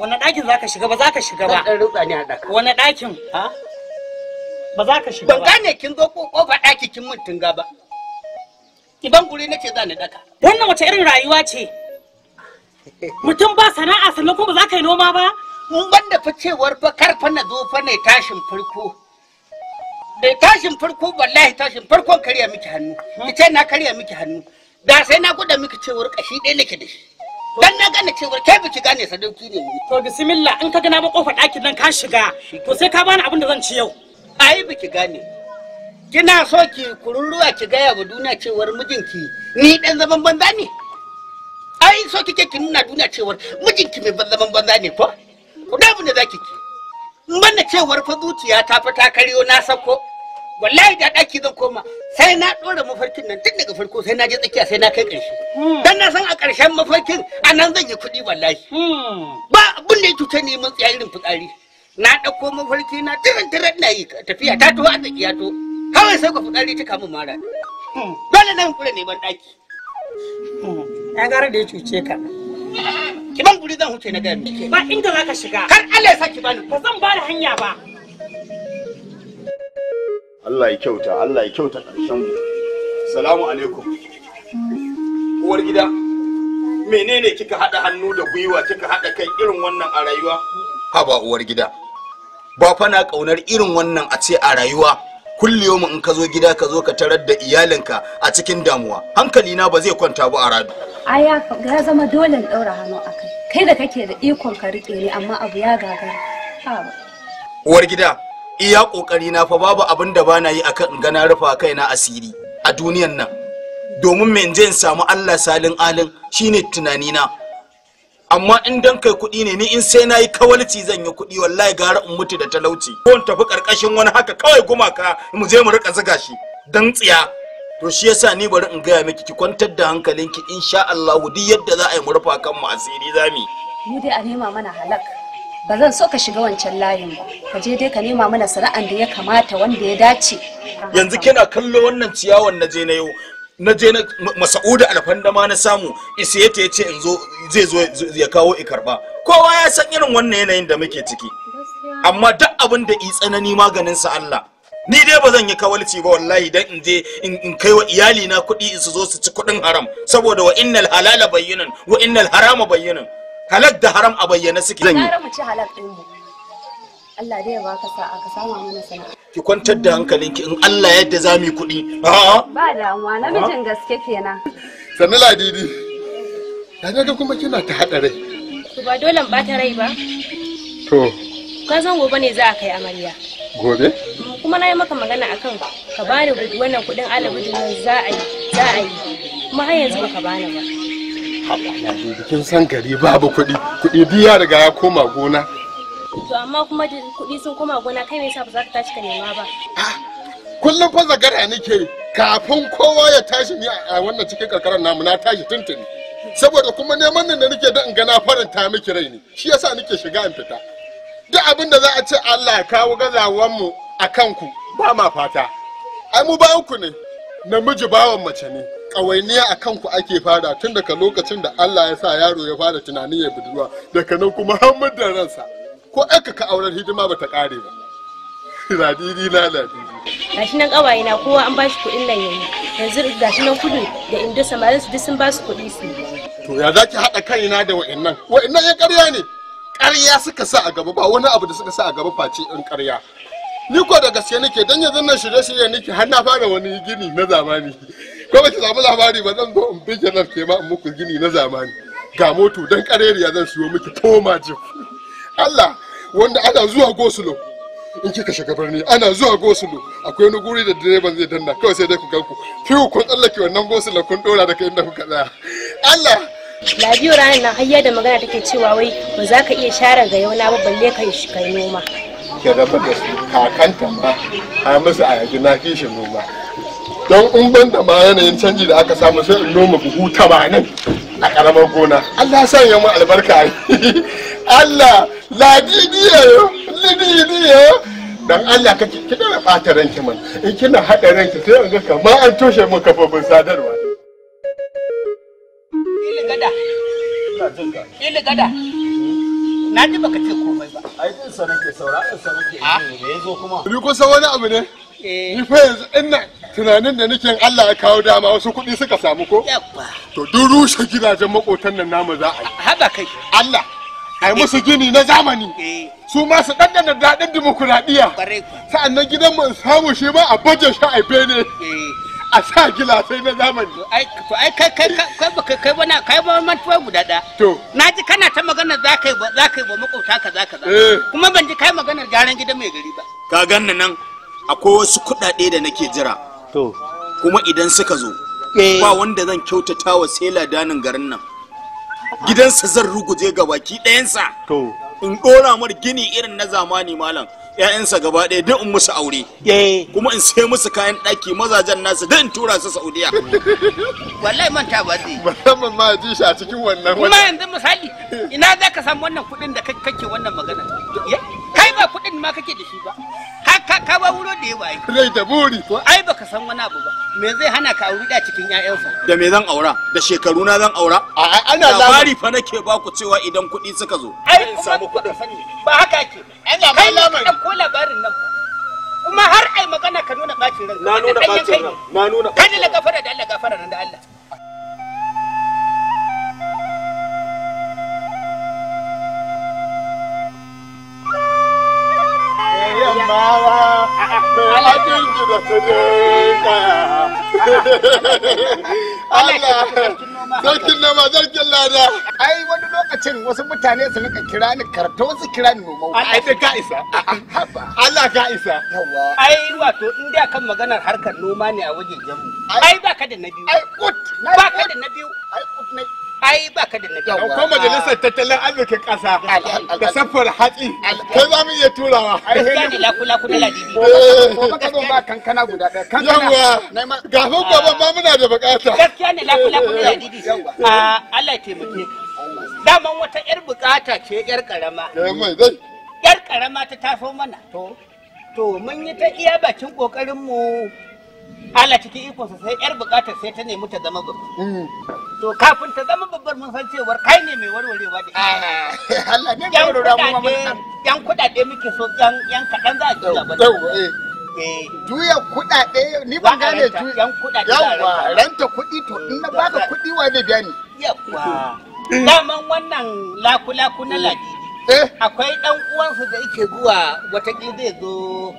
wani ɗakin za ka shiga ba za ka shiga ba ɗan rutsa ne a wani ɗakin ba za ka shiga ba ban gane kin zo kofa ɗaki kin mun tunga ba idan guri nake za ni ɗaka wannan wace irin rayuwa ce mutum ba sana'a sannan kuma ba za ka yi noma ba mun banda ficewar ba karfa na zo fa ne tashin farko da tashin farko wallahi tashin farkon karya miki hannu ita na karya miki hannu da sai na gode miki cewar kashi ɗaya nake da shi dan na gane cewa kai biki gane sadauki ne ni to bismillah in ka gana ba kofar ɗakin nan ka shiga to sai ka bani abin da zan ci yau ai biki gane kina so ki kururuwa ki gaya wa duniya cewar mijinki ni dan zaman banza ne ai so kike ki nuna duniya cewar mijinki mai zaman banza ne ko ku da abin da zaki ki mana cewar fa zuciya ta fa ta karyo na sako wallahi da daki zan koma sai na dora mafarkin nan tun daga farko sai na je tsakiya sai na kai ƙarshe hmm. dan na san a ƙarshen mafarkin a nan zan yi kuɗi wallahi hmm. ba abin da ya cuce ni mun tsaya irin fitsari na ɗauko mafarki na tirin tirin na yi tafiya ta tuwa a tsakiya to kawai sai ka fitsari ta kamun mara hmm. dole na hankula neman daki. ya gara da ya cuce ka ki ban guri zan huce na gaya. ba inda za ka shiga kar Allah ya saki bani ba zan ba da hanya ba Allah ya kyauta Allah ya kyauta ƙarshen mu salamu alaikum uwar gida menene kika haɗa hannu da gwiwa kika haɗa kai irin wannan a rayuwa haba uwar gida ba fa na ƙaunar irin wannan a ce a rayuwa kulliyomu in ka zo gida ka zo ka tarar da iyalinka a cikin damuwa hankali na ba zai kwanta ba a radu aya ya zama dole in ɗaura hannu a kai kai da kake da ikon ka riƙe ni amma abu ya gagara uwar gida iya kokari na fa babu abin da bana yi akan in ga na rufa kaina asiri a duniyan nan domin me in je in samu Allah salin alin shine tunani na amma in dan kai kuɗi ne ni in sai nayi kawalci zan yi kuɗi wallahi gara in mutu da talauci ko in tafi karkashin wani haka kawai gumaka mu je mu rika zuga shi dan tsiya to shi yasa ni bari in gaya miki ki kwantar da hankalinki insha Allah duk yadda za a yi mu rufa kan mu asiri zami mu dai a nema mana halak ba zan so ka shiga wancan layin ba ka je dai ka nema mana sana'an da ya kamata wanda ya dace yanzu kina kallo wannan ciyawan na je na yau na je na masa'uda alfanda ma na samu isa ya yace in zo zai zo ya kawo karba kowa ya san irin wannan yanayin da muke ciki amma duk abin da tsanani maganin sa Allah ni dai ba zan yi kawalci ba wallahi dan in je in kai wa iyali na kuɗi su zo su ci kuɗin haram saboda wa innal halala bayyinan wa innal harama bayyinan halal da haram a bayyane suke zan yi mu ci halal din mu Allah dai ya baka sa'a ka sama mana sana'a ki kwantar da hankalinki in Allah yadda za mu yi kuɗi da, ba damuwa namijin gaske kenan sannu ladidi na ga kuma kina ta haɗa rai ba dole in bata rai ba to ka san gobe ne za a kai amarya gobe kuma na yi maka magana akan ka bani wannan kuɗin alabudin za a yi za a yi kuma har yanzu baka bani ba kin san gari babu kuɗi kuɗi duk ya riga ya koma gona to amma kuma kuɗi sun koma gona kai me yasa ba za ka tashi ka nema ba ah, kullum fa zagara nake kafin kowa ya tashi ni a wannan cikin karkarar namu na tashi tuntuni saboda kuma neman nan da nake da in gana na faranta miki rai ne shi yasa nake shiga in fita duk abin da za a ce Allah ya kawo gazawan mu a kanku ba ma fata ai mu ba ku ne namiji bawan mace ne ƙawainiya a kanku ake fara tun daga lokacin da Allah ya sa yaro ya fara tunanin ya budurwa daga nan kuma hamar da ransa ko aka ka auren hidima ba ta kare ba ladidi na ladidi gashi nan ƙawaye na kowa an bashi kuɗin nan yayi yanzu gashi nan kudu da inda samarin su duk sun basu kuɗi su to ya zaki haɗa kaina da wa'annan wa'annan ya ƙarya ne ƙarya suka sa a gaba ba wani abu da suka sa a gaba face in ƙarya ni ko da gaske nake dan yanzu nan shirye-shirye nake har na fara wani gini na zamani ko ba ki samu labari ba zan zo in bi janar ke ma in muku gini na zamani ga moto dan kareriya zan siyo miki toma jif Allah wanda ana zuwa gosulo in kika shiga birni ana zuwa gosulo akwai wani guri da direban zai danna kawai sai dai ku ganku fiwu kun tsallake wannan gosulo kun dora daga inda kuka tsaya Allah ranar nan hayya da magana take cewa wai ba za ka iya share ga yau na ba balle ka yi kai noma. Ki raba da su kakanta ma a musu a yanzu na fi shi noma. don in ban da ma yanayin canji da aka samu sai in noma buhu tamanin a karamar gona allah san yamma albarka allah ladidiya lididiya dan allah kake kina bata ranki man in kina haɗa ranki sai an ga kamar an toshe mu kafofin sadarwa Ili gada. Na ji baka ce komai ba. Ai din sa saura, din sa nake. Ah. Me yazo kuma? Ni kusa wani abu ne? Eh. Ni fa yanzu inna tunanin da nake Allah ya kawo dama wasu kuɗi suka samu ko Yabba. to duk rushe gidajen makotan nan namu za a yi haɗa kai Allah ai musu gini na zamani eh. su ma su ɗanɗana daɗin dimokuraɗiyya nan gidan mu samu shi ma a baje shi a bene eh. a sa gilasai na zamani to ai kai kai kai kai ba na kai ba mantuwa guda ɗaya to na ji kana ta magana za ka yi ba za ka yi ba makota ka za ka za eh. kuma ban ji kai maganar gyaran gidan mai gari ba ka ganna nan akwai wasu kuɗaɗe da nake jira kuma idan suka zo ba eh. wanda zan kyautata wa sai ladanin garin nan gidansa zan ruguje ga baki ɗayansa to in ɗora mar gini irin na zamani malam ƴaƴansa gaba ɗaya duk in musu aure eh. kuma in sai musu kayan ɗaki mazajen nasu duk in tura su saudiya wallahi manta ba zai musamman ma ji shi a cikin wannan kuma yanzu misali ina za ka samu wannan kuɗin da kake wannan magana kai ba kuɗin ma kake da shi ba ka ka ba wuro da yawa yi rai da buri to ai baka san wani abu ba me zai hana ka aure da cikin ƴaƴansa da me zan aura da shekaru na zan aura a ana labari fa nake ba ku cewa idan kuɗi suka zo ai samu sani ba haka ake ana ma labarin ko labarin nan kuma har ai magana ka nuna bakin ranka na nuna bakin ranka na nuna kai ran la gafara da Allah gafara nan da Allah yammawa mai ajin ki da sadaka Allah zarkin noma zarkin lada ai wani lokacin wasu mutane su nika kira ni karta su kira ni noma ai dai ka isa Allah ka isa ai wato in da kan maganar harkar noma ne a wajen jamu ai baka da na biyu ai kut baka da na biyu ai kut ai ba ka da na jawo ko majalisar tattalin arzikin kasa da safar hatsi kai za mu iya turawa ai sai la lakula kula la dibi ko eh. ka zo ba kankana guda daya kankana yawa gafin gobe ba muna da bukata gaskiya ne lakula kula kula la dibi a ah, Allah ya taimake daman wata yar bukata ce yar karama yar eh, karama ta taso mana to to mun yi ta iya bakin kokarin mu Allah cikin ikonsa sai yar bukatar sai ta nemi ta zama gaba to kafin ta zama babbar mun san cewar kai ne mai warwarewa da Allah ne mai mu yan kudade muke so yan yan kadan za a eh. Eh. juya ba juya kudade ni ban gane juya yan kudade yawa ranta kudi to eh, in na baka kudi wa zai biya ni yawa daman wannan lakulaku na ladi akwai dan uwansu da yake zuwa wata zai zo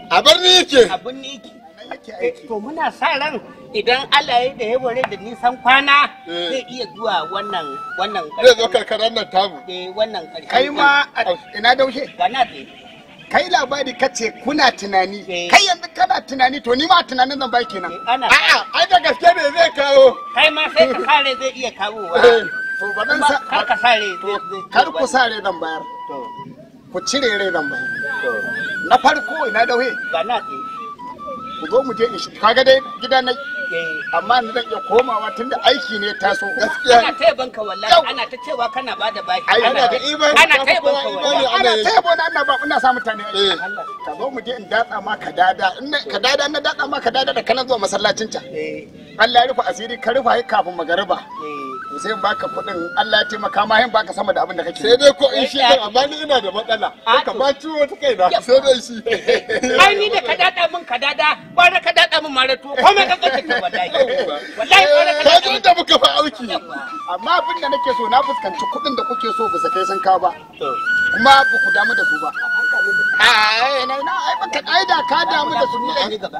a birni yake a birni yake to muna sa ran idan Allah ya da ya bore da nisan kwana eh. zai iya zuwa wannan wannan zai zo karkarar nan tamu eh wannan karkaran kai ma ina daushe wana ce kai labari kace kuna tunani eh. kai yanzu kana tunani to ni ma tunanin zan bai kenan eh, a'a ai da gaske ne zai kawo kai ma sai ka sare zai iya kawo to ba dan sa kar ka sare kar ku sare zan bayar ku cire rai zan bayar na farko ina daushe ba na ku zo mu je in shi kaga dai gidan nan Eh, amma ni zan iya komawa tunda aiki ne taso gaskiya ana taya banka wallahi ana ta cewa kana bada baki ana ta iban ana taya banka wallahi ana taya banka ana ba ina sa mutane eh. ka zo mu je in datsa ma ka dada in ka dada na datsa ma ka dada da kana zuwa masallacin ta eh. Allah ya rufe asiri ka rufa kafin magariba eh sai baka kuɗin Allah ya taimaka ma yin baka sama da abin da kake sai dai ko in shi amma ni ina da matsala Ka ba ciwo kai kaina sai dai shi ai ni da ka dada min ka dada bara ka dada min mara to ko mai kankan ta wallahi wallahi bara ka dada da muka fa auki amma abin da nake so na fuskanci kuɗin da kuke so ba bisa kai sun ka ba kuma ba ku damu da su ba a ai eh, na ai baka ai ka damu da su ne gaba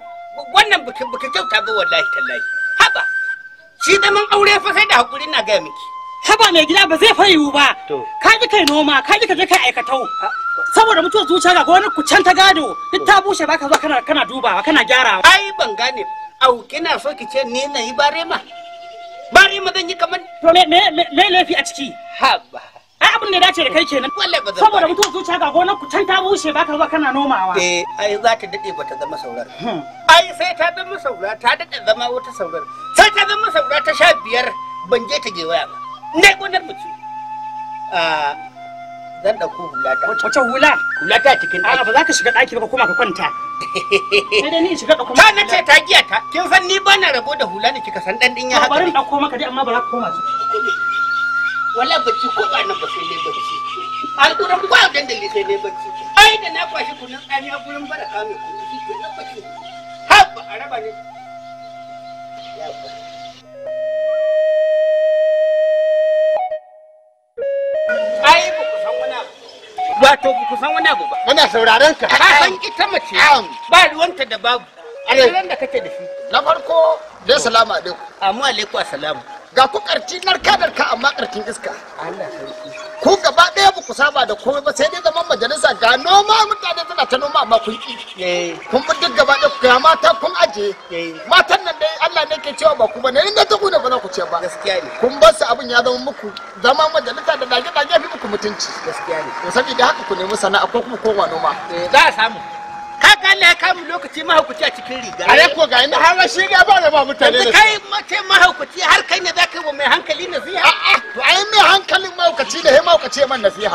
wannan baka kyauta ba wallahi tallahi haba shi zaman aure fa sai da hakuri na gaya miki haba mai gida ba zai fayu ba ka ji kai noma ka ji ka je kai aikatau saboda mutuwar zuciya ga wani kucan ta gado duk ta bushe baka zo kana kana dubawa kana gyarawa ai ban gane au kina so ki ce ni na yi barema barema zan yi kamar to me me laifi a ciki haba abin da dace da kai kenan saboda mutum zuciya ga gonar ku can ta bushe baka zuwa kana nomawa eh ai za ta dade bata zama saurar hmm. ai sai ta zama saurar ta dade zama wata saurar sai ta zama saurar ta sha biyar ban je ta waya ba ne gonar mu ce ah, zan ɗauko hulata. Wace hula? Hulata cikin ɗaki. ba za ka shiga ɗaki ba kuma ka kwanta. Sai ni shiga ɗauko. Ta na ce ta giya ta. Kin san ni ba na rabo da hula ne kika san ɗan ɗin ya haka. Bari in ɗauko maka dai amma ba za ka koma su. wala bacci ko ba na bacci ne bacci alƙuran ko a dandali sai ne bacci ai da na kwashi kunun a gurin bara kame kunun shi ke nan bacci ha ba a raba ne ai ba ku san wani abu wato ba ku san wani abu ba muna sauraron ka ka san ita mace ba ruwanta da babu a da kake da shi na farko dai salamu alaikum amma alaikum assalamu ga ku karci narka narka amma karcin iska ku gaba ɗaya ba ku saba da komai ba sai dai zaman majalisa ga noma mutane tana ta noma amma kun ki kun bi duk gaba ɗaya ga mata kun aje matan nan dai Allah ne ke cewa ba ku ba inda ringa ta ne ba za ku ce ba Gaskiya ne. kun bar su abin ya zama muku Zaman majalisa da dage dage fi muku mutunci gaskiya ne to saboda haka ku nemi sana'a ko kuma koma noma eh, za a samu ka Allah ya mu lokaci mahaukaci a cikin riga a yako ga ina har shi ga mutane da kai mace mahaukaci har kai ne mai hankali nasiha a'a to ai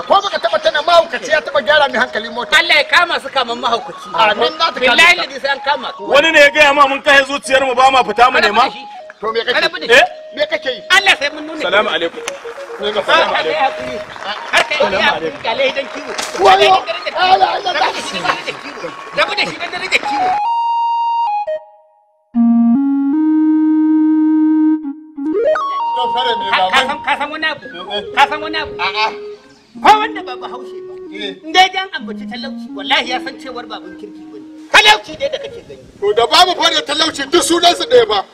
ko baka taba tana mahaukaci ya taba gyara mai wani ne ya gaya ma mun kai zuciyar mu ba ma fita mu ne ma to me kake eh me kake yi Allah sai mun nuna salamu alaikum ka salamu alaikum har kai ya kale dan kiwo wayo Allah Allah da shi da kiwo da ka san wani abu eh, eh. ka san wani abu ko wanda ba ba ba eh. in ambaci talauci wallahi ya san cewar babun kirki ba talauci dai da kake gani to da babu fa talauci duk sunan ɗaya ba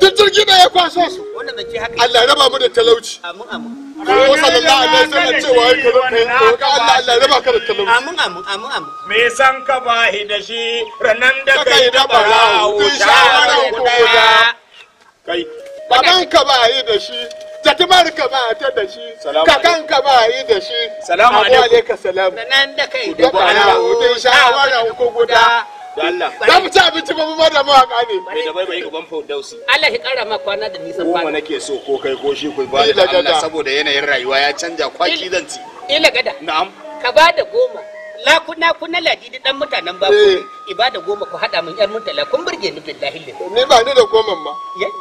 duk jirgin da ya kwaso su wannan zance haka Allah raba mu da talauci amin amin ka me san ka ba da shi ranan da kai da barawo shawara guda kai baban ka ba da shi ka ba ta da shi kakan ka ba yi da shi salamu alaikum salamu da kai da bana shawara ku guda da mu ci abinci ba mu ma da mawaka ne. Mai da baibayi uban Faudausi. Allah ya kara ma kwana da nisan kwana. Goma nake so ko kai ko shi ku ba da Allah saboda yanayin rayuwa ya canja kwaki zan ci. Ila gada. Na'am. Ka ba da goma. La kuna kuna ladidi dan mutanen eh. ba ku ibada goma ku hada min yar mutala kun burge ni billahi lin. Ni ba ni da goma ma.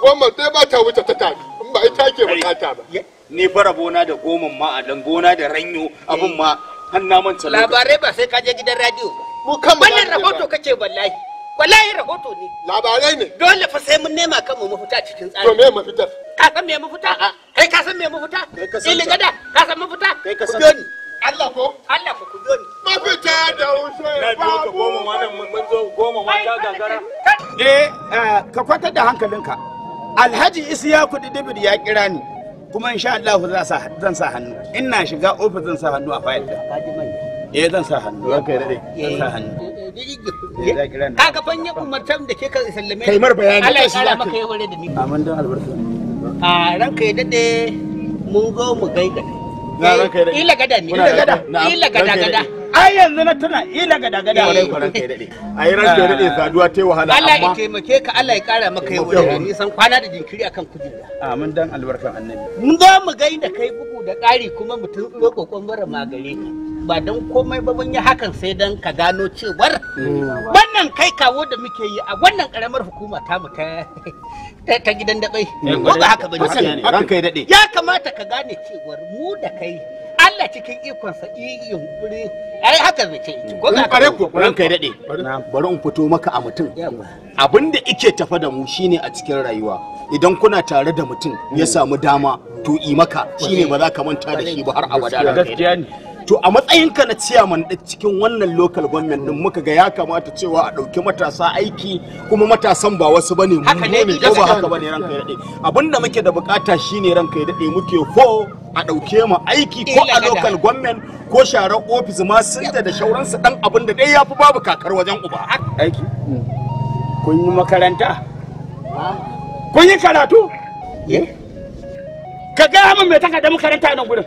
Goma dai ba ta wuce ta tafi. In ba ita ke bukata ba. Ni farabona da goma ma a dangona da ranyo abun ma har na manta labarai ba sai ka je gidan radio ba. mu kan wannan rahoto kace wallahi wallahi rahoto ne labarai ne dole fa sai mun nema kanmu mu fita cikin tsari to me mafitar ka san me mafita kai ka san me mafita ilin gada ka san mafita kai ka san Allah ko Allah ko ku zo ni mafita da wuce na biyo ka goma ma nan mun zo goma ma ta gagara eh, eh ka kwatar da hankalinka Alhaji Isiyaku Didibir ya kira ni kuma insha Allah zan sa hannu ina shiga ofis zan sa hannu a fayil da eh zan sa hannu zan kai dade zan sa hannu eh, eh, eh, kaga fan ya umartar da ke ka sallame kai mar bayani Allah ya kara maka ya hore da ni amin dan albarka a ranka ya dade mun zo mu gaida na ranka ya dade ila gada ne ila gada ila gada gada ai yanzu na tana ila gada gada ai ranka ya dade ai ranka ya dade saduwa tai wahala amma Allah ya taimake ka Allah ya kara maka ya hore ni san kwana da jinkiri akan kujera amin dan albarkan annabi mun zo mu da kai bugu da ƙari kuma mutum tsoro kokon bara magare ka ba don komai ba mun yi hakan sai don ka gano cewar mm. wannan kai kawo da muke yi a wannan karamar hukuma ta mu ta ta gidan dabai eh, ko ba haka bane ran ya dade ya kamata ka gane cewar mu da kai Allah cikin sa yi yunkuri ai haka zai ce ko ga kare ku ran kai dade bari in fito maka a mutum abinda ike tafa da mu shine a cikin rayuwa idan kuna tare da mutum ya mm. samu dama to maka shine ba za ka manta da shi ba har abada gaskiya ne to a matsayinka na ciyaman da cikin wannan local government din muka ga ya kamata cewa a ɗauki matasa aiki kuma matasan ba wasu bane mu ne ko ba haka bane ranka ya daɗe abinda muke da bukata shine ranka ya daɗe muke ko a ɗauke mu aiki ko a local government ko share office ma sun da da shauransu dan abin da dai yafi babu kakar wajen uba aiki kun yi makaranta kun yi karatu eh? ka ga mun me takarda makaranta nan gurin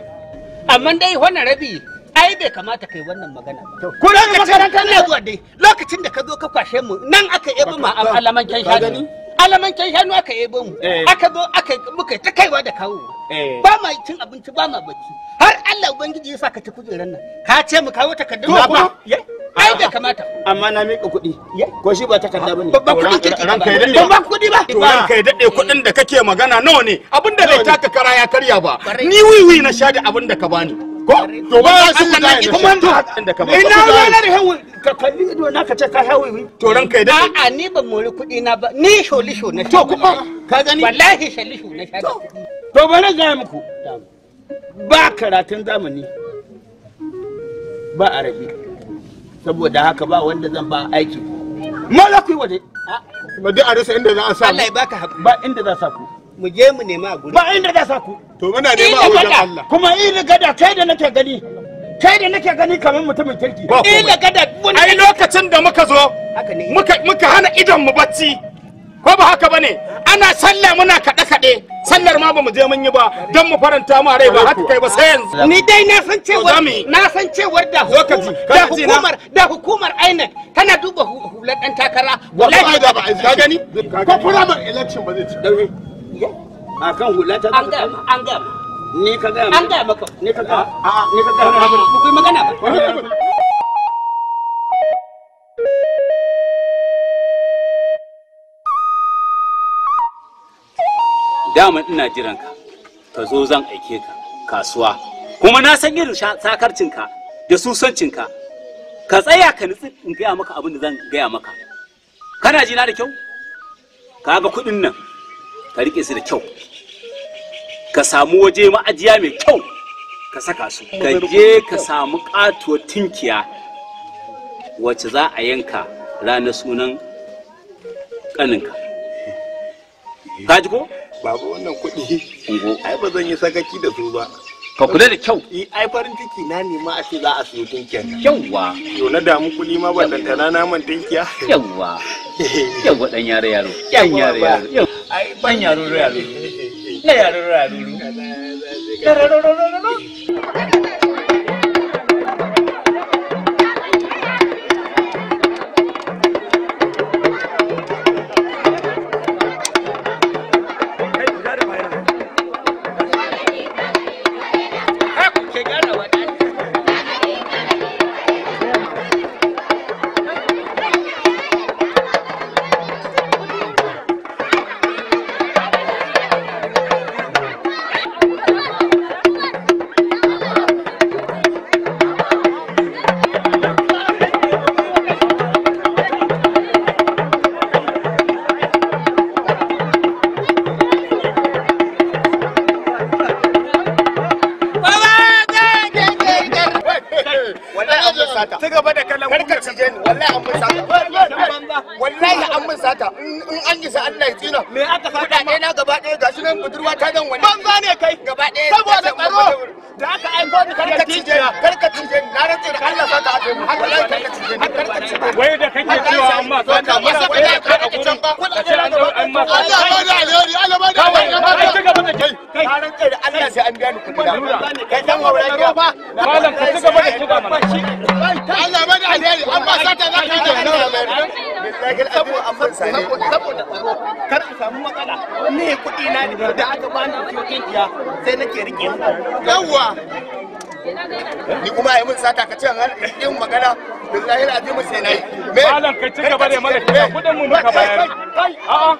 amma dai wannan rabi ai bai kamata kai wannan magana ba ko da makaranta ne zuwa dai lokacin da ka zo ka kwashe mu nan aka yabo ma alaman kyan shanu alaman kyan shanu aka yabo mu eh. aka zo aka muka ta kaiwa da kawo eh. ba ma cin abinci ba ma bacci har Allah ubangiji ya saka ta kujeran nan ka ce mu kawo takardun ba ai bai kamata amma na mika kuɗi ko shi ba takarda bane babban kuɗi kake babban kuɗi ba to ran kai dade kuɗin da kake magana nawa ne abinda bai taka kara ya karya ba ni wiwi na shaji abinda ka bani ko to ba su da kuma da ka bani ina ranar hawi ka kalli ido na ka ce ka hawi to ran kai dade a'a ni ban mori kuɗi na ba ni sholisho na to kuma ka gani wallahi sholisho na shaji to bari ga muku ba karatun zamani ba arabi saboda haka ba wanda zan ba aiki malaku waje ba dai a rasa inda za a sa Allah ya baka haƙuri ba inda za sa ku mu je mu nema a guri ba inda za sa ku to muna nema a wajen Allah kuma iri gada kai da nake gani kai da nake gani kamar mutumin kirki iri gada ai lokacin da muka zo muka hana idan mu bacci ko ba haka bane ana sallah muna kaɗe kaɗe sallar ma bamu je mun yi ba don mu faranta mu rai ba haka kai ba sai yanzu ni dai na san cewa na san cewa da da hukumar da hukumar INEC tana duba hular dan takara wallahi ba ka gani ko election ba zai ci kan an ga an ga ni ka ga an ga maka ni ka ga ah, ni ka ga magana ba daman ina jiran ka ka zo zan aike ka kasuwa kuma na san irin sakarcinka da susancin ka tsaya ka nutsi in gaya maka abin da zan gaya maka kana jina da kyau ka ga kuɗin nan ka riƙe su da kyau ka samu waje ma'ajiya mai kyau ka saka su ka je ka samu katuwar tinkiya wacce za a yanka ranar sunan ƙaninka ka ji ko babu wannan kuɗi ai ba zan yi sakaci da su ba ka kula da kyau eh, ai farin ciki na ne ma a ce za a siyo dinkiya yawwa to na damu kuɗi ma ban naman yawwa yawwa dan yaro yaro yan yaro yaro ai ban yaro yaro na yaro yaro baka ba biya ni kudi kai dan wa ran ka a malam ka ci a da sata za ka da saboda tsaro ne na kuma yi min sata ka ce yin magana billahi na ji mu sai nayi malam ka ci gaba da mallaki ka kudin mu muka bayar kai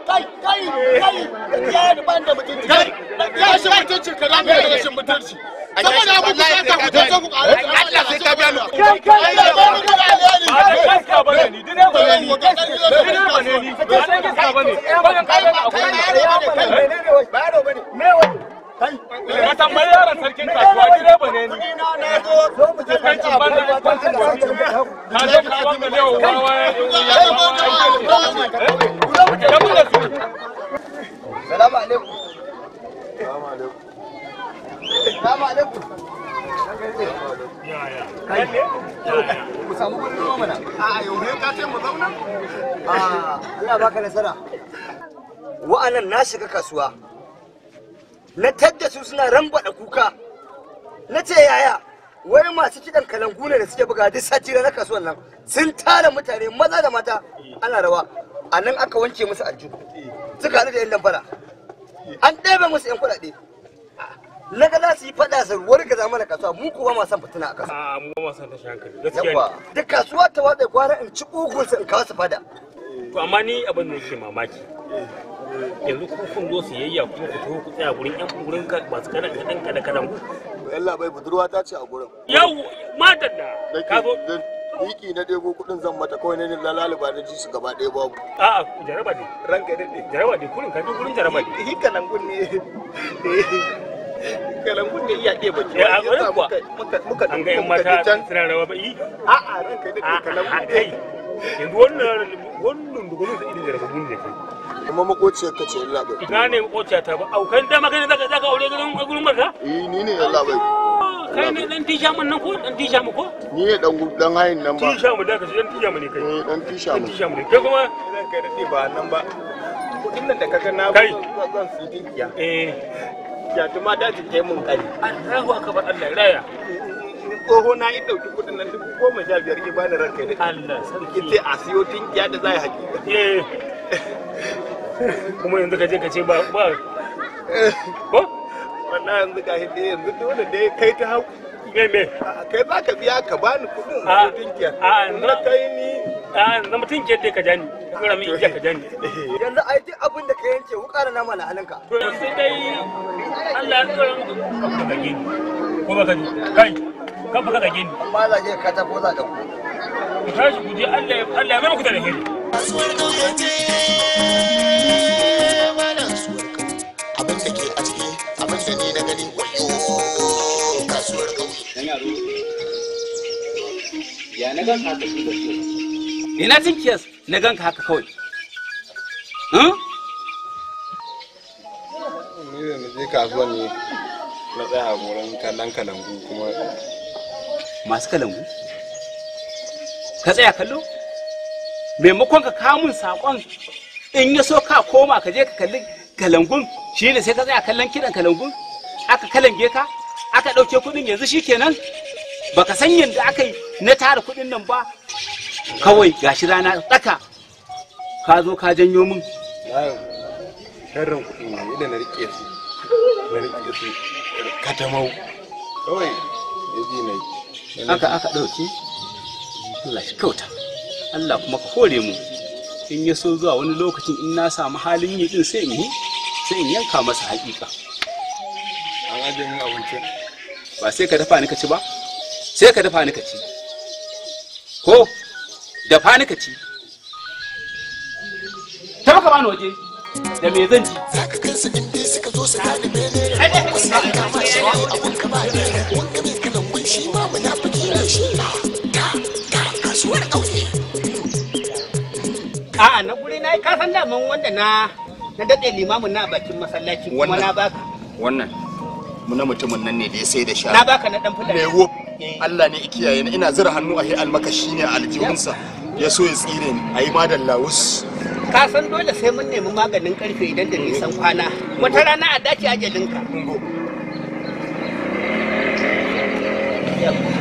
kai kai ya ban da mutunci kai mutunci ka da rashin mutunci saboda ku ka ku Allah sai ka biya mu kai kai kai kai ka bane ni bane ni bane ni kai ka bane kai bane ka tambayi yaran sarkin kasuwa ne ni na na zo zo mu je ban da Salamu alaikum. Wa'annan na shiga kasuwa. Na tadda su suna rambaɗa kuka. Na ce yaya wai masu kiɗan kalangu ne da suke buga duk sati na kasuwan nan sun tara mutane maza da mata ana rawa a nan aka wanke musu aljihu suka haɗu da yan lambara. an ɗebe musu yan kuɗaɗe na ga za su yi faɗa su warga zama da kasuwa mu kuwa masan fitina a kasa mu ma san tashi hankali gaskiya ne duk kasuwa ta watsa gwara in ci ugun su in kawo su fada to amma ni abin da yake mamaki yanzu ku kun zo siyayya kuma ku tuhu ku tsaya gurin yan gurin masu kaɗan kadan kadan ku yalla bai budurwa ta ce a gurin yau matan da ka zo Biki na ɗebo kudin zan mata kawai ne lalaliba na ji su gaba ɗaya babu. A'a jaraba ne. Ranka ne. Jaraba ne kurin kaji kurin jaraba ne. Hika nan gun ne. Kalan gun ne iya ɗaya ba ke. Ya akwai kuwa. Muka ɗan gayan mata suna rawa ba yi. Eh? A'a ranka ne kalan gun ne. Yanzu wannan wannan dukunin sa irin jaraba gun ne kai. kuma makociyar ka ce Allah bai. Ina ne makociya ta ba aukan dama kai ne zaka zaka aure gurin gurin marka? Eh ni ne Allah bai. kai ne dan tija mun nan ko dan tija mu ko ni ne dan dan hayin nan ba tija mu da ka dan tija mu ne kai eh, dan tija mu mu ne kai kuma zan kai da ba nan ba kudin nan da na kai zan su dinkiya eh ya da ji kai mun kari Allahu akbar Allah raya na yi dauki kuɗin nan dubu goma sha biyar ki bani ranka da Allah sarki ce a siyo tinkiya da za eh. kuma yanzu ka je ka ce ba ba eh. ko wannan yanzu ga hidi yanzu dole dai kai ta hau me me kai za ka biya ka bani kudin kudin kiyar a na kai ni na mutum ke ka jani ka kura min ka jani yanzu ai duk abin da ka yanke ku ƙara nama na hannunka to sai dai Allah ya tsara muku ka gage ko ba ka ji kai ka ba ka gage ni amma za ka ka tafi za ka ku ku tashi ku je Allah ya Allah ya mai muku da alheri ni na gani ina jin kiyas na ganka haka kawai hmm? ni da na je kasuwan ne na tsaya a gurin kallon kalangu kuma masu kalangu ka tsaya kallo maimakon ka kamun saƙon in ya so ka koma ka je ka kalli kalangun shi ne sai ka tsaya kallon kiɗan kalangun aka kalange ka aka ɗauke kuɗin yanzu shi kenan baka san yadda aka yi na tara kuɗin nan ba kawai gashi rana tsaka ka zo ka janyo min aka ɗauke Allah Allah kuma ka mu in ya so zuwa wani lokacin in na samu halin yi din sai in yi sai in yanka masa haƙiƙa ba sai ka dafa ni ka ci ba sai ka dafa ni ka ci ko dafa ni ka ci ta maka bani waje da me zan ci. za zo a'a na guri na yi kasan daman wanda na na daɗe limamin na bakin masallaci kuma na baka wannan muna mutumin nan ne da ya sai da sha na baka na dan fulani lewo eh. Allah ne iki yayin ina zira hannu a hi almakashi ne a aljihunsa ya so ya tsire ni a yi madan lawus ka san dole sai mun nemi maganin karfe idan da nisan eh. kwana wata rana a dace ajalinka Yeah.